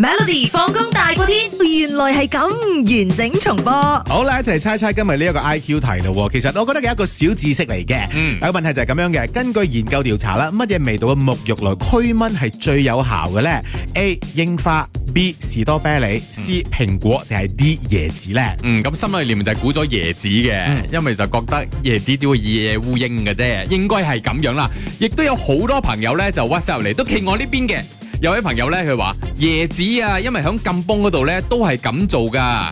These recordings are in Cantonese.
Melody 放工大過天，原來係咁完整重播。好啦，一齊猜猜今日呢一個 IQ 題咯。其實我覺得係一個小知識嚟嘅。嗯，有問題就係咁樣嘅。根據研究調查啦，乜嘢味道嘅沐浴露驅蚊係最有效嘅咧？A. 櫻花，B. 士多啤梨，C. 蘋果定係 D. 椰子咧？嗯，咁心裡裏面就係估咗椰子嘅，嗯，因為就覺得椰子只會惹烏蠅嘅啫，應該係咁樣啦。亦都有好多朋友咧就 WhatsApp 入嚟，都企我呢邊嘅。有一位朋友呢，佢話椰子啊，因為喺金邦嗰度呢，都係噉做㗎。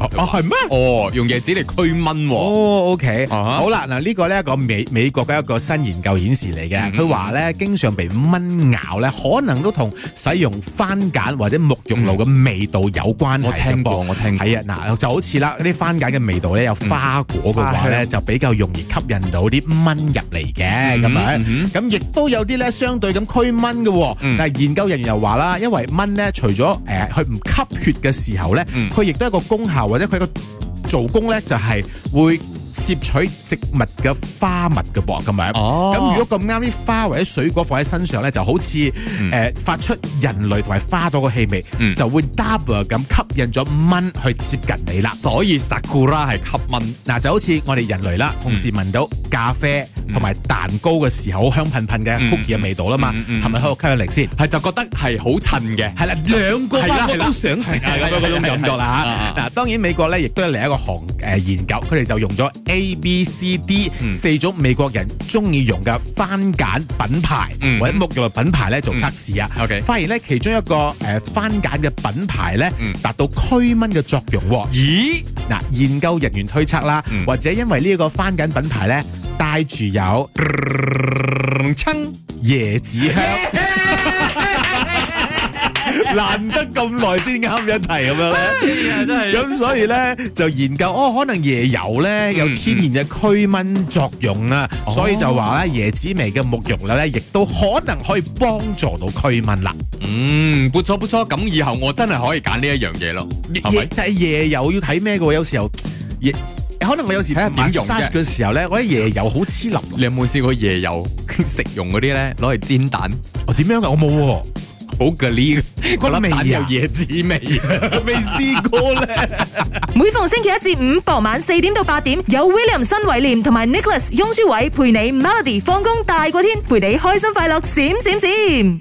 哦，係咩？哦，用椰子嚟驅蚊喎、哦。哦、oh，OK，、uh-huh. 好啦，嗱、這、呢個呢，一個美美國嘅一個新研究顯示嚟嘅，佢、mm-hmm. 話呢，經常被蚊咬呢，可能都同使用番梘或者沐浴露嘅味道有關係。Mm-hmm. 我聽過，我聽過。係啊，嗱就好似啦，啲番梘嘅味道呢，有花果嘅話呢，mm-hmm. 就比較容易吸引到啲蚊入嚟嘅，咁、mm-hmm. 樣。咁、mm-hmm. 亦都有啲呢，相對咁驅蚊嘅。但係、mm-hmm.，研究人員又話啦，因為蚊呢，除咗誒佢唔吸血嘅時候呢，佢亦都係一個功效。或者佢個做工咧，就係會攝取植物嘅花蜜嘅噃咁樣哦，咁、oh. 如果咁啱啲花或者水果放喺身上咧，就好似誒、mm. 呃、發出人類同埋花朵嘅氣味，mm. 就會 double 咁吸引咗蚊去接近你啦。所以 Sakura 係吸蚊嗱，就好似我哋人類啦，同時聞到。Mm. 咖啡同埋蛋糕嘅時候，香噴噴嘅曲奇嘅味道啦嘛係咪好吸引力，係咪開個 q u 先？係就覺得係好襯嘅，係 啦，兩個都想食啊嗰種感覺啦嚇。嗱， 當然美國咧亦都有嚟一個行誒研究，佢哋就用咗 A、B、C、D、嗯、四種美國人中意用嘅番梘品牌、嗯、或者沐浴嘅品牌咧做測試啊。OK、嗯、發現咧其中一個誒番梘嘅品牌咧達到驅蚊嘅作用咦？嗱，研究人員推測啦，或者因為呢一個番梘品牌咧。帶住有濃椰子香， 難得咁耐先啱一題咁樣咧，咁 所以咧就研究哦，可能椰油咧有天然嘅驅蚊作用啦，嗯嗯，所以就話咧椰子味嘅沐浴露咧，亦都可能可以幫助到驅蚊啦。嗯，不錯不錯，咁以後我真係可以揀呢一樣嘢咯。係咪？但係椰油要睇咩嘅？有時候。可能我有時食用嘅時候咧，我啲椰油好黐淋。你有冇試過椰油食用嗰啲咧，攞嚟煎蛋？哦，點樣噶？我冇，好咖喱，我諗帶有椰子味啊，未試過咧。 每逢星期一至五傍晚四點到八點，有 William 新偉廉同埋 Nicholas 雍書偉陪你 Melody 放工大過天，陪你開心快樂閃閃閃，閃閃閃。